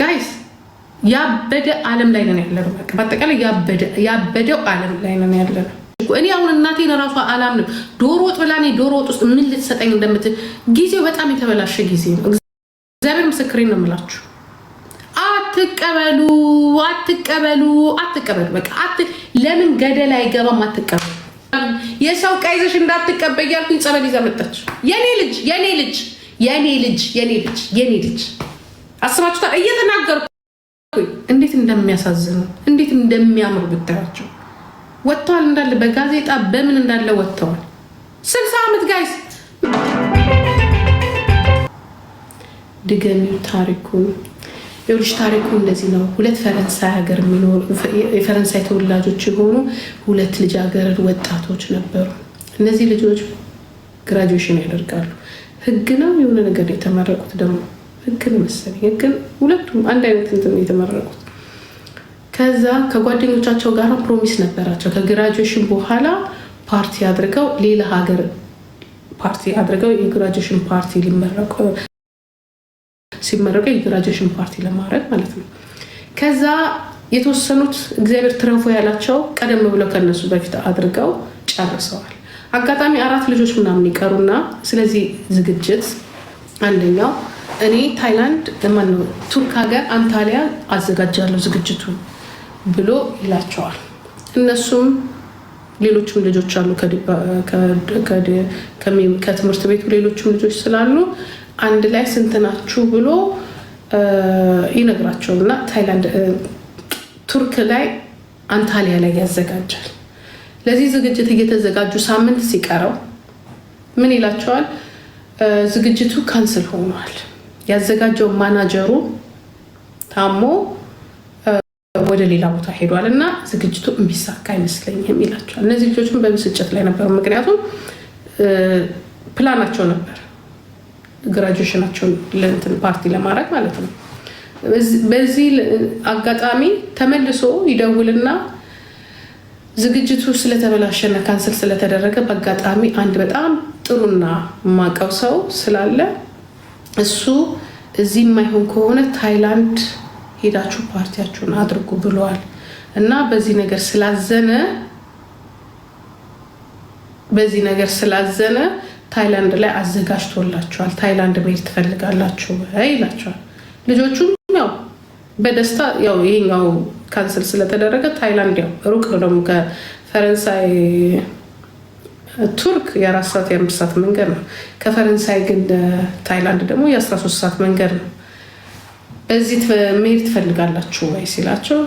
ጋይስ ያበደ ዓለም ላይ ነን ያለነው። በአጠቃላይ ያበደው ዓለም ላይ ነን ያለነው። እኔ አሁን እናቴን እራሷ አላምንም። ዶሮ ወጥ ብላ እኔ ዶሮ ወጥ ውስጥ ምን ልትሰጠኝ እንደምትል ጊዜው በጣም የተበላሸ ጊዜ ነው። እግዚአብሔር ምስክሬን ነው የምላችሁ። አትቀበሉ፣ አትቀበሉ፣ አትቀበሉ። በቃ ለምን ገደል አይገባም? አትቀበሉ። የሰው ቀይዘሽ እንዳትቀበያልኩኝ ያልኩኝ ጸበል ይዛ መጣች። የኔ ልጅ የኔ ልጅ የኔ ልጅ የኔ ልጅ የኔ ልጅ አስባችሁታል? እየተናገርኩ እንዴት እንደሚያሳዝኑ እንዴት እንደሚያምሩ ብታያቸው። ወጥተዋል እንዳለ በጋዜጣ በምን እንዳለ ወጥተዋል። ስልሳ ዓመት ጋይስ ድገሚው ታሪኩን ሌሎች ታሪኩ እንደዚህ ነው። ሁለት ፈረንሳይ ሀገር የሚኖሩ የፈረንሳይ ተወላጆች የሆኑ ሁለት ልጃገረድ ወጣቶች ነበሩ። እነዚህ ልጆች ግራጁዌሽን ያደርጋሉ። ህግ ነው የሆነ ነገር የተመረቁት ደግሞ ህግን መሰለኝ ህግን ሁለቱም አንድ አይነት እንትን የተመረቁት። ከዛ ከጓደኞቻቸው ጋር ፕሮሚስ ነበራቸው ከግራጁዌሽን በኋላ ፓርቲ አድርገው ሌላ ሀገር ፓርቲ አድርገው የግራጁዌሽን ፓርቲ ሊመረቁ ሲመረቁ የግራጁዌሽን ፓርቲ ለማድረግ ማለት ነው። ከዛ የተወሰኑት እግዚአብሔር ትረፎ ያላቸው ቀደም ብለው ከነሱ በፊት አድርገው ጨርሰዋል። አጋጣሚ አራት ልጆች ምናምን ይቀሩና ስለዚህ ዝግጅት አንደኛው እኔ ታይላንድ ማነው ቱርክ ሀገር አንታሊያ አዘጋጃለሁ ዝግጅቱ ብሎ ይላቸዋል። እነሱም ሌሎችም ልጆች አሉ ከትምህርት ቤቱ ሌሎችም ልጆች ስላሉ አንድ ላይ ስንት ናችሁ ብሎ እና ታይላንድ ቱርክ ላይ አንታሊያ ላይ ያዘጋጃል። ለዚህ ዝግጅት እየተዘጋጁ ሳምንት ሲቀረው ምን ይላቸዋል? ዝግጅቱ ካንስል ሆኗል። ያዘጋጀው ማናጀሩ ታሞ ወደ ሌላ ቦታ ሄዷል እና ዝግጅቱ የሚሳካ አይመስለኝም ይላቸዋል። እነዚህ ልጆችም በብስጭት ላይ ነበሩ። ምክንያቱም ፕላናቸው ነበር ግራጁዌሽናቸውን ለእንትን ፓርቲ ለማድረግ ማለት ነው። በዚህ አጋጣሚ ተመልሶ ይደውልና ዝግጅቱ ስለተበላሸና ካንስል ስለተደረገ በአጋጣሚ አንድ በጣም ጥሩና ማቀው ሰው ስላለ እሱ እዚህ የማይሆን ከሆነ ታይላንድ ሄዳችሁ ፓርቲያችሁን አድርጉ ብለዋል እና በዚህ ነገር ስላዘነ በዚህ ነገር ስላዘነ ታይላንድ ላይ አዘጋጅቶላቸዋል። ታይላንድ መሄድ ትፈልጋላችሁ ይላቸዋል። ልጆቹም ያው በደስታ ያው ይሄኛው ካንስል ስለተደረገ ታይላንድ ያው ሩቅ ነው ደግሞ ከፈረንሳይ ቱርክ የአራት ሰዓት የአምስት ሰዓት መንገድ ነው። ከፈረንሳይ ግን ታይላንድ ደግሞ የአስራ ሶስት ሰዓት መንገድ ነው። በዚህ መሄድ ትፈልጋላችሁ ወይ ሲላቸው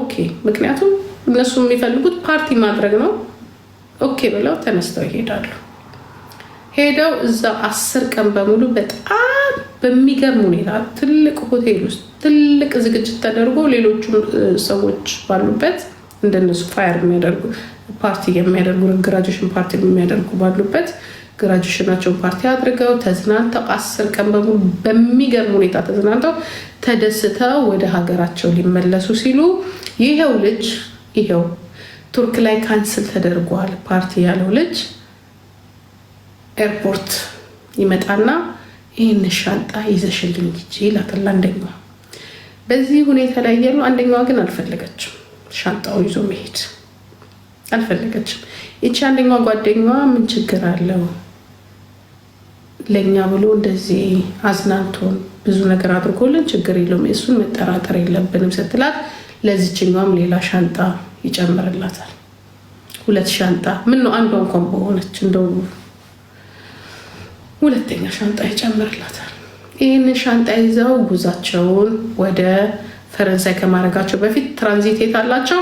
ኦኬ፣ ምክንያቱም እነሱ የሚፈልጉት ፓርቲ ማድረግ ነው። ኦኬ ብለው ተነስተው ይሄዳሉ። ሄደው እዛ አስር ቀን በሙሉ በጣም በሚገርም ሁኔታ ትልቅ ሆቴል ውስጥ ትልቅ ዝግጅት ተደርጎ ሌሎቹም ሰዎች ባሉበት እንደነሱ ፋየር የሚያደርጉ ፓርቲ የሚያደርጉ ግራጁዌሽን ፓርቲ የሚያደርጉ ባሉበት ግራጁዌሽናቸውን ፓርቲ አድርገው ተዝናንተው አስር ቀን በሙሉ በሚገርም ሁኔታ ተዝናንተው ተደስተው ወደ ሀገራቸው ሊመለሱ ሲሉ ይሄው ልጅ ይሄው ቱርክ ላይ ካንስል ተደርጓል ፓርቲ ያለው ልጅ ኤርፖርት ይመጣና ይህን ሻንጣ ይዘሽልኝ ሂጂ ይላታል አንደኛዋ። በዚህ ሁኔታ ላይ ያሉ አንደኛዋ ግን አልፈለገችም። ሻንጣው ይዞ መሄድ አልፈለገችም። ይቺ አንደኛዋ ጓደኛዋ ምን ችግር አለው ለእኛ ብሎ እንደዚህ አዝናንቶን ብዙ ነገር አድርጎልን ችግር የለውም እሱን መጠራጠር የለብንም ስትላት፣ ለዚችኛዋም ሌላ ሻንጣ ይጨምርላታል። ሁለት ሻንጣ ምን ነው አንዷ እንኳን በሆነች እንደው ሁለተኛ ሻንጣ ይጨምርላታል። ይህንን ሻንጣ ይዘው ጉዛቸውን ወደ ፈረንሳይ ከማድረጋቸው በፊት ትራንዚት የት አላቸው?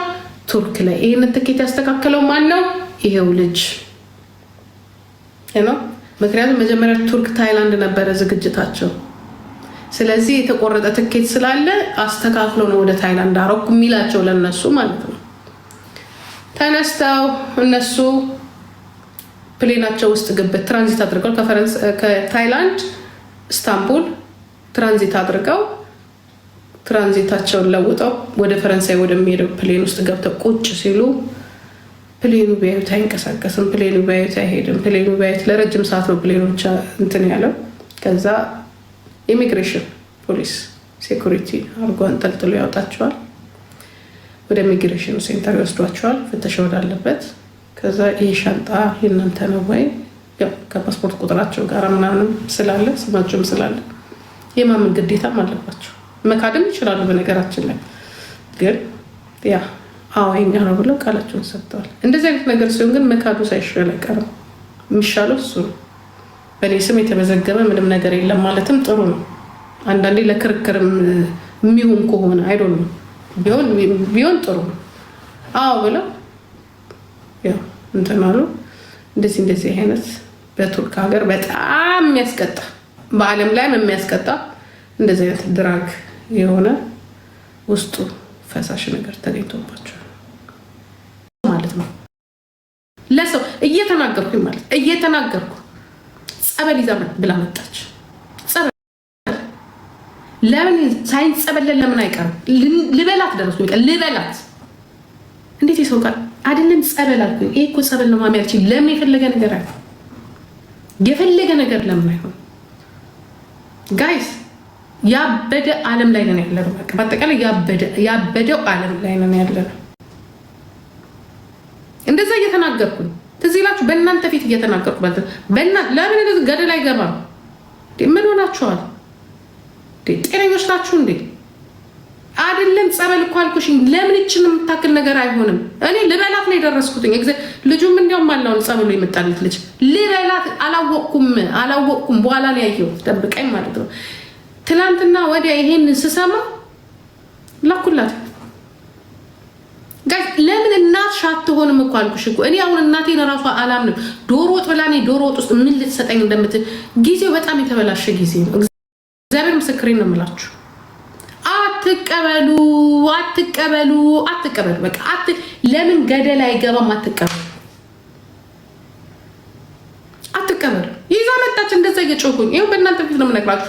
ቱርክ ላይ። ይህንን ትኬት ያስተካከለው ማን ነው? ይሄው ልጅ ነው። ምክንያቱም መጀመሪያ ቱርክ ታይላንድ ነበረ ዝግጅታቸው። ስለዚህ የተቆረጠ ትኬት ስላለ አስተካክሎ ነው ወደ ታይላንድ አረኩ የሚላቸው ለነሱ ማለት ነው። ተነስተው እነሱ ፕሌናቸው ውስጥ ግብት ትራንዚት አድርገው ከታይላንድ ስታንቡል ትራንዚት አድርገው ትራንዚታቸውን ለውጠው ወደ ፈረንሳይ ወደሚሄደው ፕሌን ውስጥ ገብተው ቁጭ ሲሉ ፕሌኑ ቢያዩት አይንቀሳቀስም፣ ፕሌኑ ቢያዩት አይሄድም፣ ፕሌኑ ቢያዩት ለረጅም ሰዓት ነው ፕሌኖች እንትን ያለው። ከዛ ኢሚግሬሽን ፖሊስ ሴኩሪቲ አርጎ አንጠልጥሎ ያወጣቸዋል። ወደ ኢሚግሬሽን ሴንተር ይወስዷቸዋል፣ ፍተሻ ወዳለበት። ከዛ ይህ ሻንጣ የእናንተ ነው ወይ ከፓስፖርት ቁጥራቸው ጋር ምናምንም ስላለ ስማቸውም ስላለ የማመን ግዴታም አለባቸው። መካድም ይችላሉ። በነገራችን ላይ ግን ያ አዎ የኛ ነው ብለው ቃላቸውን ሰጥተዋል። እንደዚህ አይነት ነገር ሲሆን ግን መካዱ ሳይሻል አይቀርም። የሚሻለው እሱ ነው። በእኔ ስም የተመዘገበ ምንም ነገር የለም ማለትም ጥሩ ነው። አንዳንዴ ለክርክር የሚሆን ከሆነ አይዶ ቢሆን ጥሩ ነው። አዎ ብለው እንትን አሉ። እንደዚህ እንደዚህ አይነት በቱርክ ሀገር በጣም የሚያስቀጣ በዓለም ላይም የሚያስቀጣ እንደዚህ አይነት ድራግ የሆነ ውስጡ ፈሳሽ ነገር ተገኝቶባቸዋል ማለት ነው። ለሰው እየተናገርኩ ማለት እየተናገርኩ ጸበል ይዛ ብላ መጣች። ጸበል ለምን ሳይንስ ጸበለን ለምን አይቀርም? ልበላት ደረሱ ልበላት እንዴት የሰው ቃል አይደለም። ጸበል አልኩኝ። ይሄ እኮ ጸበል ነው ማሚያች። ለምን የፈለገ ነገር አይሆን? የፈለገ ነገር ለምን አይሆን ጋይስ ያበደ ዓለም ላይ ነን ያለነው። በአጠቃላይ ያበደው ዓለም ላይ ነን ነው። እንደዛ እየተናገርኩኝ ትዝ ይላችሁ፣ በእናንተ ፊት እየተናገርኩ ማለት ለምን እንደዚህ ላይ ገባ ምን ሆናችኋል? ጤነኞች ናችሁ እንዴ? አይደለም ጸበል እኮ አልኩሽኝ። ለምን ይችን የምታክል ነገር አይሆንም? እኔ ልበላት ነው የደረስኩትኝ። ልጁም እንዲያውም አላውን ጸበሉ የመጣለት ልጅ ልበላት አላወቅኩም፣ አላወቅኩም። በኋላ ነው ያየሁት፣ ደብቀኝ ማለት ነው ትላንትና ወዲያ ይሄን ስሰማ ላኩላት። ለምን እናትሽ አትሆንም እኮ አልኩሽ እኮ እኔ አሁን እናቴን እራሷ አላምንም። ዶሮ ወጥ ብላ እኔ ዶሮ ወጥ ውስጥ ምን ልትሰጠኝ እንደምትል ጊዜው በጣም የተበላሸ ጊዜ ነው። እግዚአብሔር ምስክሬ ነው የምላችሁ። አትቀበሉ፣ አትቀበሉ፣ አትቀበሉ። በቃ ለምን ገደል አይገባም? አትቀበሉ እየጮኩኝ ይኸው በእናንተ ፊት ነው የምነግራችሁ።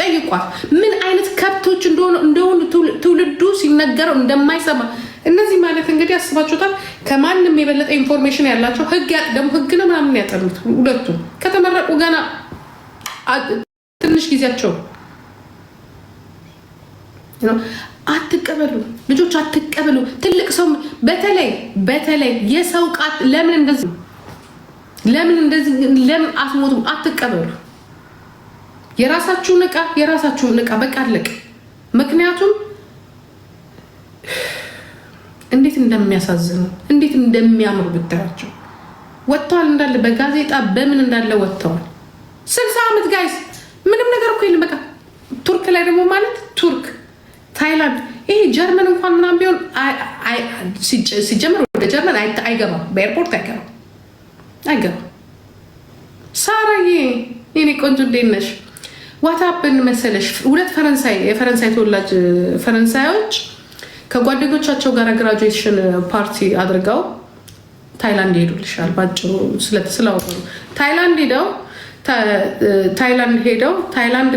ጠይቋት ምን አይነት ከብቶች እንደሆኑ ትውልዱ ሲነገረው እንደማይሰማ እነዚህ ማለት እንግዲህ አስባችሁታል። ከማንም የበለጠ ኢንፎርሜሽን ያላቸው ህግ ደግሞ ህግ ነው ምናምን ያጠኑት ሁለቱም ከተመረቁ ገና ትንሽ ጊዜያቸው አትቀበሉ ልጆች አትቀበሉ። ትልቅ ሰው በተለይ በተለይ የሰው ቃል ለምን እንደዚህ ለምን እንደዚህ ለምን አትሞቱም? አትቀበሉ። የራሳችሁን እቃ የራሳችሁን እቃ በቃ አለቅ። ምክንያቱም እንዴት እንደሚያሳዝኑ እንዴት እንደሚያምሩ ብታያቸው ወጥተዋል፣ እንዳለ በጋዜጣ በምን እንዳለ ወጥተዋል። ስልሳ ዓመት ጋይስ ምንም ነገር እኮ የለም። በቃ ቱርክ ላይ ደግሞ ማለት ቱርክ፣ ታይላንድ፣ ይሄ ጀርመን እንኳን ምናምን ቢሆን ሲጀምር ወደ ጀርመን አይገባም፣ በኤርፖርት አይገባም አይገባም። ሳራዬ የኔ ቆንጆ እንዴት ነሽ? ዋታፕን መሰለሽ ሁለት ፈረንሳይ የፈረንሳይ ተወላጅ ፈረንሳዮች ከጓደኞቻቸው ጋር ግራጁዌሽን ፓርቲ አድርገው ታይላንድ ይሄዱልሻል። ባጭሩ ስለተስላወሩ ታይላንድ ሄደው ታይላንድ ሄደው ታይላንድ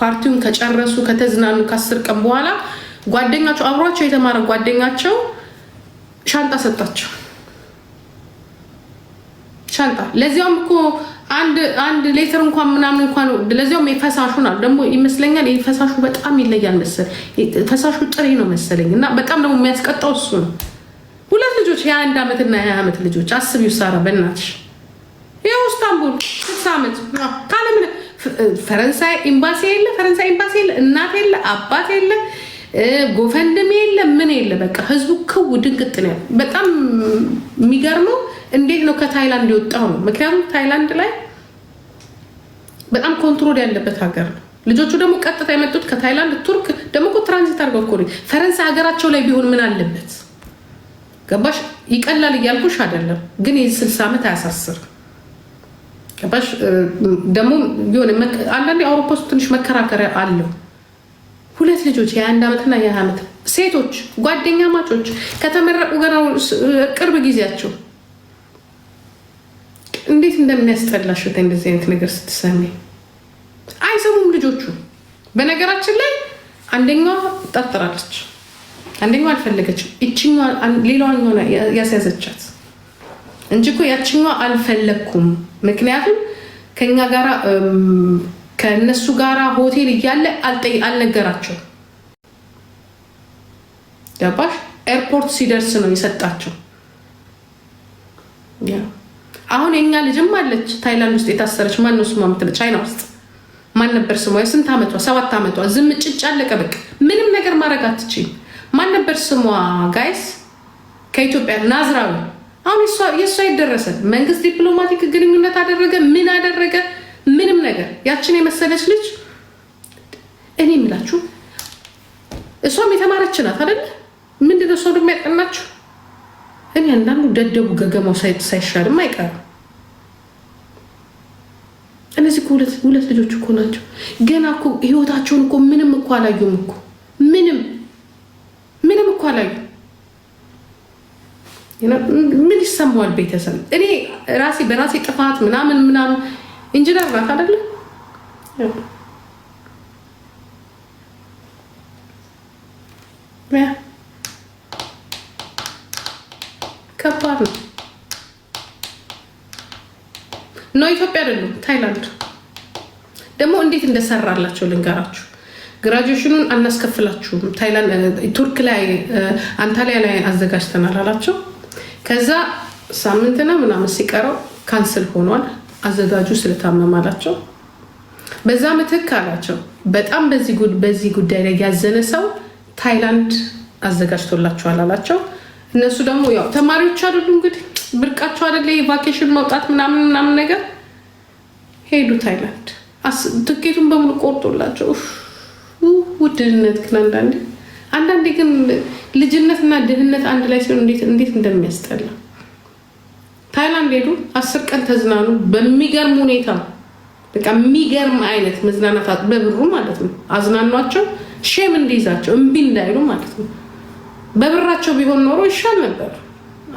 ፓርቲውን ከጨረሱ ከተዝናኑ ከአስር ቀን በኋላ ጓደኛቸው አብሯቸው የተማረ ጓደኛቸው ሻንጣ ሰጣቸው። ሻንጣ ለዚያውም እኮ አንድ አንድ ሌተር እንኳን ምናምን እንኳን ለዚያውም የፈሳሹ ና ደግሞ ይመስለኛል የፈሳሹ በጣም ይለያል መሰል ፈሳሹ ጥሬ ነው መሰለኝ እና በጣም ደግሞ የሚያስቀጣው እሱ ነው። ሁለት ልጆች የአንድ ዓመት እና የሀያ ዓመት ልጆች አስብ ይሳራ በእናትሽ ይኸው እስታንቡል ስድስት ዓመት ካለምን ፈረንሳይ ኤምባሲ የለ ፈረንሳይ ኤምባሲ የለ እናት የለ አባት የለ ጎፈንድም የለ ምን የለ በቃ ህዝቡ ክው ድንቅጥ ነው። በጣም የሚገርመው እንዴት ነው ከታይላንድ የወጣው ነው። ምክንያቱም ታይላንድ ላይ በጣም ኮንትሮል ያለበት ሀገር ነው። ልጆቹ ደግሞ ቀጥታ የመጡት ከታይላንድ ቱርክ፣ ደግሞ እኮ ትራንዚት አድርገው እኮ ፈረንሳይ ሀገራቸው ላይ ቢሆን ምን አለበት? ገባሽ? ይቀላል እያልኩሽ አይደለም፣ ግን የዚህ ስልሳ ዓመት አያሳስር። ገባሽ? ደግሞ ቢሆን አንዳንድ የአውሮፓ ውስጥ ትንሽ መከራከሪያ አለው። ሁለት ልጆች የ የአንድ ዓመትና የ20 ዓመት ሴቶች ጓደኛ ማጮች ከተመረቁ ገና ቅርብ ጊዜያቸው እንዴት እንደሚያስጠላሽ እንደዚህ አይነት ነገር ስትሰሚ አይሰሙም ልጆቹ። በነገራችን ላይ አንደኛዋ ጠርጥራለች፣ አንደኛ አልፈለገችም። ይችኛ ሌላዋኛ ያስያዘቻት እንጂ እኮ ያችኛ አልፈለግኩም። ምክንያቱም ከኛ ጋር ከእነሱ ጋር ሆቴል እያለ አልነገራቸው። ገባሽ? ኤርፖርት ሲደርስ ነው የሰጣቸው። አሁን የኛ ልጅም አለች ታይላንድ ውስጥ የታሰረች ማን ነው ስሟ ምትለ ቻይና ውስጥ ማን ነበር ስሟ? የስንት ዓመቷ? ሰባት ዓመቷ። ዝም ጭጭ አለቀ በቃ። ምንም ነገር ማድረግ አትችል ማን ነበር ስሟ? ጋይስ ከኢትዮጵያ ናዝራዊ። አሁን የእሷ ይደረሰ መንግስት ዲፕሎማቲክ ግንኙነት አደረገ፣ ምን አደረገ? ምንም ነገር ያችን የመሰለች ልጅ እኔ የምላችሁ እሷም የተማረች ናት አደለ? ምንድነው ሰው ደግሞ ያጠናችሁ እኔ አንዳንዱ ደደቡ ገገማው ሳይሻልም አይቀርም። እነዚህ ሁለት ልጆች እኮ ናቸው። ገና እኮ ህይወታቸውን እኮ ምንም እኮ አላዩም እኮ ምንም ምንም እኮ አላዩ። ምን ይሰማዋል ቤተሰብ? እኔ ራሴ በራሴ ጥፋት ምናምን ምናምን ኢንጂነር ናት አደለ ያ ነው ኢትዮጵያ አይደሉም፣ ታይላንድ ደግሞ እንዴት እንደሰራላቸው ልንገራችሁ። ግራጁዌሽኑን አናስከፍላችሁም ቱርክ ላይ አንታሊያ ላይ አዘጋጅተናል አላቸው። ከዛ ሳምንትና ምናምን ሲቀረው ካንስል ሆኗል፣ አዘጋጁ ስለታመመ አላቸው። በዛ ምትክ አላቸው በጣም በዚህ ጉዳይ ላይ ያዘነ ሰው ታይላንድ አዘጋጅቶላቸዋል አላቸው። እነሱ ደግሞ ያው ተማሪዎች አይደሉ እንግዲህ ብርቃቸው አደለ የቫኬሽን መውጣት ምናምን ምናምን ነገር ሄዱ ታይላንድ። ትኬቱን በሙሉ ቆርጦላቸው ውድህነት ግን አንዳንዴ አንዳንዴ ግን ልጅነትና ድህነት አንድ ላይ ሲሆን እንዴት እንደሚያስጠላ። ታይላንድ ሄዱ፣ አስር ቀን ተዝናኑ በሚገርም ሁኔታ። በቃ የሚገርም አይነት መዝናናት በብሩ ማለት ነው። አዝናኗቸው ሼም እንዲይዛቸው እምቢ እንዳይሉ ማለት ነው። በብራቸው ቢሆን ኖሮ ይሻል ነበር።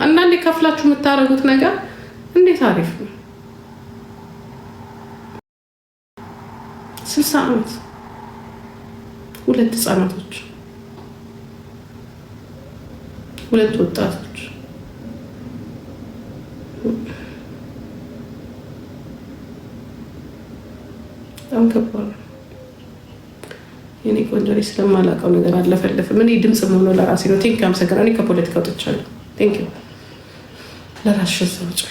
አንዳንዴ ከፍላችሁ የምታደርጉት ነገር እንዴት አሪፍ ነው። ስልሳ ዓመት ሁለት ህጻናቶች፣ ሁለት ወጣቶች በጣም ከባድ የኔ ቆንጆ ስለማላውቀው ነገር አለፈለፍም። ምን ድምፅ መሆኑ ለራሴ ነው። ቴንክ አመሰግናለሁ። እኔ ከፖለቲካ ወጥቻለሁ። ቴንክ ለራሽ ለራስሽ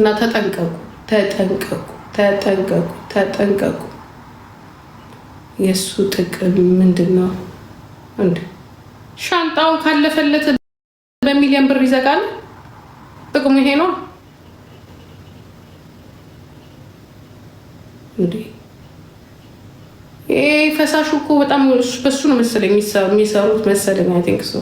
እና ተጠንቀቁ፣ ተጠንቀቁ ተጠንቀቁ ተጠንቀቁ። የእሱ ጥቅም ምንድን ነው? እንደ ሻንጣው ካለፈለት በሚሊዮን ብር ይዘጋል። ጥቅሙ ይሄ ነው እንዴ? ይሄ ፈሳሹ እኮ በጣም በሱ ነው መሰለኝ የሚሰሩት መሰለኝ። አይ ቲንክ ሶ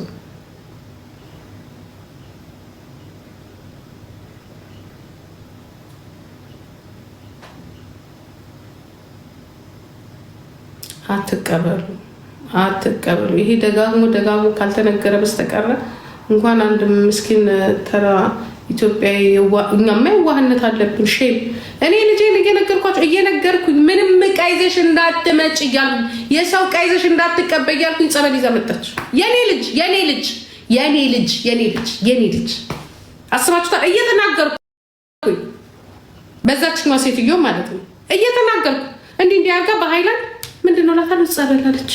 አትቀበሉ አትቀበሉ። ይሄ ደጋግሞ ደጋግሞ ካልተነገረ በስተቀረ እንኳን አንድ ምስኪን ተራ ኢትዮጵያዊ እኛማ የዋህነት አለብን። ሼም እኔ ልጄ እየነገርኳቸው እየነገርኩኝ ምንም ዕቃ እንዳትመጭ እያሉ የሰው ዕቃ እንዳትቀበ እያልኩኝ ጸበል ይዛ መጣች። የኔ ልጅ የኔ ልጅ የኔ ልጅ የኔ ልጅ የኔ ልጅ አስባችሁታል? እየተናገርኩኝ በዛችኛ ሴትዮ ማለት ነው እየተናገርኩ እንዲህ እንዲያጋ በሀይላንድ ምንድን ነው እላታለሁ። ጸበል አለች።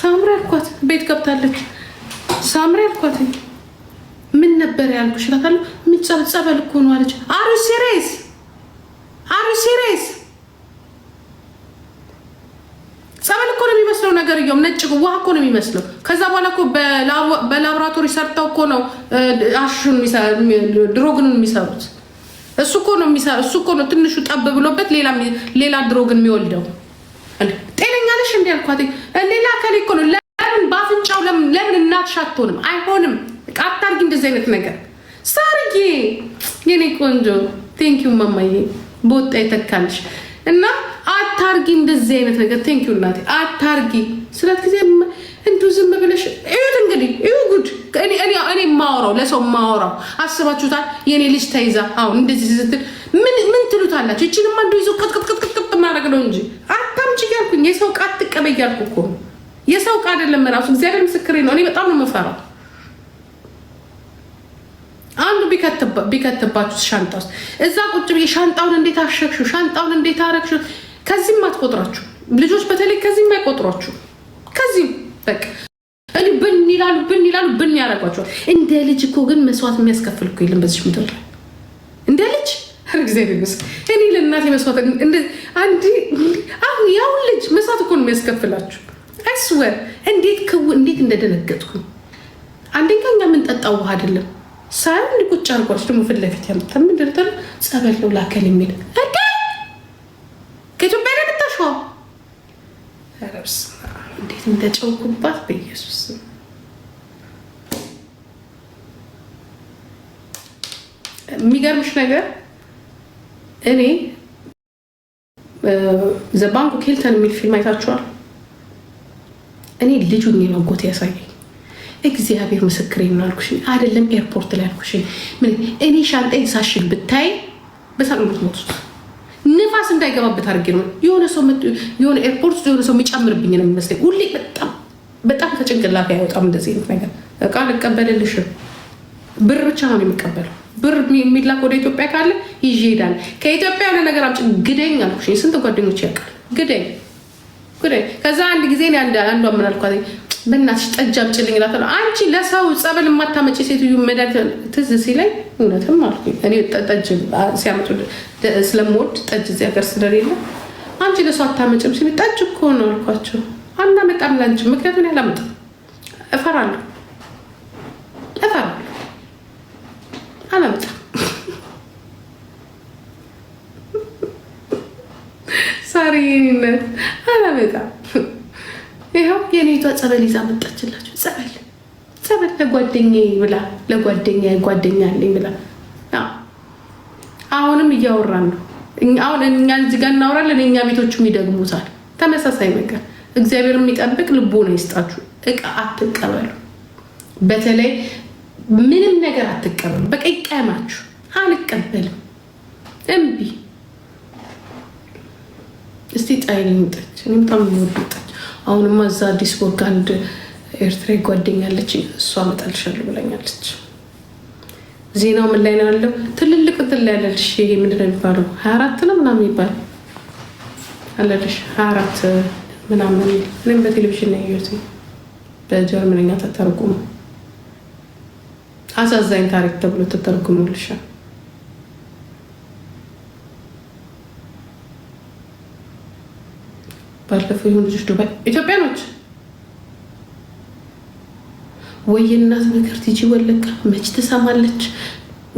ሳምሪ አልኳት። ቤት ገብታለች። ሳምሪ አልኳት። ምን ነበር ያልኩሽ እላታለሁ። ምን ጸበል እኮ ነው አለች። አሩ ሲሬስ አሩ ሲሬስ ጸበል እኮ ነው የሚመስለው ነገር እየውም ነጭ ውሃ እኮ ነው የሚመስለው። ከዛ በኋላ እኮ በላብራቶሪ ሰርተው እኮ ነው አሹን ድሮግን የሚሰሩት። እሱ እኮ ነው እሱ እኮ ነው ትንሹ ጠብ ብሎበት ሌላ ድሮግን የሚወልደው ጤነኛ ነሽ? እንዲ ያልኳት ሌላ ከሌ እኮ ነው። ለምን በአፍንጫው ለምን እናትሽ አትሆንም? አይሆንም። አታርጊ እንደዚህ አይነት ነገር ሳርጌ። የኔ ቆንጆ ቴንኪዩ ማማዬ፣ በወጣ ይተካልሽ እና አታርጊ እንደዚህ አይነት ነገር። ቴንኪዩ እናቴ፣ አታርጊ ስለት ጊዜ እንዱ ዝም ብለሽ እዩት። እንግዲህ እዩ ጉድ። እኔ ማወራው ለሰው ማወራው አስባችሁታል? የእኔ ልጅ ተይዛ አሁን እንደዚህ ስትል ምን ትሉታላችሁ? ይችንማ አንዱ ይዞ ቅጥቅጥቅጥቅጥ ማድረግ ነው እንጂ ውጭ እያልኩኝ የሰው ዕቃ አትቀበይ እያልኩ እኮ የሰው ዕቃ አይደለም ራሱ እግዚአብሔር ምስክሬ ነው። እኔ በጣም ነው የምፈራው። አንዱ ቢከትባችሁ ሻንጣ ውስጥ እዛ ቁጭ ብዬ ሻንጣውን እንዴት አሸግሹ፣ ሻንጣውን እንዴት አረግሹ። ከዚህም አትቆጥራችሁ ልጆች፣ በተለይ ከዚህም አይቆጥሯችሁ። ከዚህም በቃ እ ብን ይላሉ፣ ብን ይላሉ፣ ብን ያረጓቸዋል። እንደ ልጅ እኮ ግን መስዋዕት የሚያስከፍል እኮ የለም በዚች ምድር እንደ ልጅ እግዚአብሔር ይመስገን። እኔ ለእናቴ መስዋዕት አንድ አሁን ልጅ መስዋዕት እኮ ነው የሚያስከፍላችሁ። አይስወር እንዴት ክው እንዴት እንደደነገጥኩ አንደኛ እኛ የምንጠጣው ውሃ አይደለም ሳይሆን ቁጭ አርጓች ደግሞ ፊት ለፊት ያመጣ ጸበል ነው ላከል የሚል ከኢትዮጵያ ላይ ምታሸዋ እንዴት እንደጨውኩባት በኢየሱስ የሚገርምሽ ነገር እኔ ዘባንኩ ኬልተን የሚል ፊልም አይታችኋል? እኔ ልጁኝ መጎት ያሳየኝ እግዚአብሔር ምስክር ነው አልኩሽ። አይደለም ኤርፖርት ላይ አልኩሽ። ምን እኔ ሻንጣዬን ሳሽል ብታይ በሳቅምት ሞት ውስጥ ንፋስ እንዳይገባበት አድርጌ ነው። የሆነ ሰው የሆነ ኤርፖርት ውስጥ የሆነ ሰው የሚጨምርብኝ ነው የሚመስለኝ። ሁሌ በጣም በጣም ከጭንቅላት አይወጣም እንደዚህ አይነት ነገር። እቃ ልቀበልልሽም ብር ብቻ ነው የሚቀበለው ብር የሚላክ ወደ ኢትዮጵያ ካለ ይዤ እሄዳለሁ። ከኢትዮጵያ የሆነ ነገር አምጪ ግደኝ አልኩሽ። ስንት ጓደኞች ያውቃል። ግደኝ ግደኝ። ከዛ አንድ ጊዜ አንዷ ምን አልኳት፣ በእናትሽ ጠጅ አምጪልኝ እላታለሁ። አንቺ ለሰው ጸበል የማታመጪ ሴትዮ መድኃኒት ትዝ ሲለኝ እውነትም አልኩኝ። እኔ ጠጅ ሲያመጡ ስለምወድ ጠጅ እዚህ ሀገር ስለሌለ አንቺ ለሰው አታመጭም ሲል ጠጅ እኮ ነው አልኳቸው። አናመጣም ላንቺ፣ ምክንያቱን ያላመጣም እፈራለሁ አመምጣ ሳሪ የኔነት አላመጣ። ይኸው የኔቷ ጸበል ይዛ መጣችላችሁ። ጸበል ጸበል ለጓደኛ ብላ ለጓደኛ ጓደኛ አለኝ ብላ አሁንም እያወራን ነው። አሁን እኛ እዚህ ጋር እናወራለን፣ እኛ ቤቶቹም ይደግሙታል። ተመሳሳይ ነገር እግዚአብሔር የሚጠብቅ ልቦና ይስጣችሁ። እቃ አትቀበሉ። በተለይ ምንም ነገር አትቀበሉ። በቃ ይቀማችሁ። አልቀበልም። እምቢ። እስቲ ጣይን ይምጠች። እኔ በጣም የሚወዱ ጠጭ። አሁንማ እዛ አዲስ ቦርግ አንድ ኤርትራ ይጓደኛለች፣ እሷ አመጣልሻለሁ ብለኛለች። ዜናው ምን ላይ ነው ያለው? ትልልቅ ትል ያለልሽ ይሄ ምንድን ነው የሚባለው? ሀያ አራት ነው ምናምን ይባል አለልሽ ሀያ አራት ምናምን። እኔም በቴሌቪዥን ነው ያየሁት። በጀርመንኛ ተተርጉሞ አሳዛኝ ታሪክ ተብሎ ተተርጉሞልሻል። ባለፈው የሆኑ ልጆች ዱባይ ኢትዮጵያኖች ወይ እናት ነገር ቲጂ ወለጋ መች ትሰማለች?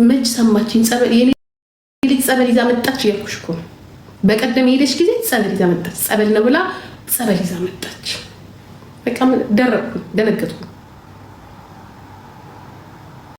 መች ሰማችኝ? ልጅ ጸበል ይዛ መጣች እያልኩሽ እኮ በቀደም የሄደች ጊዜ ጸበል ይዛ መጣች። ጸበል ነው ብላ ጸበል ይዛ መጣች። በቃ ደረቁ፣ ደነገጥኩ።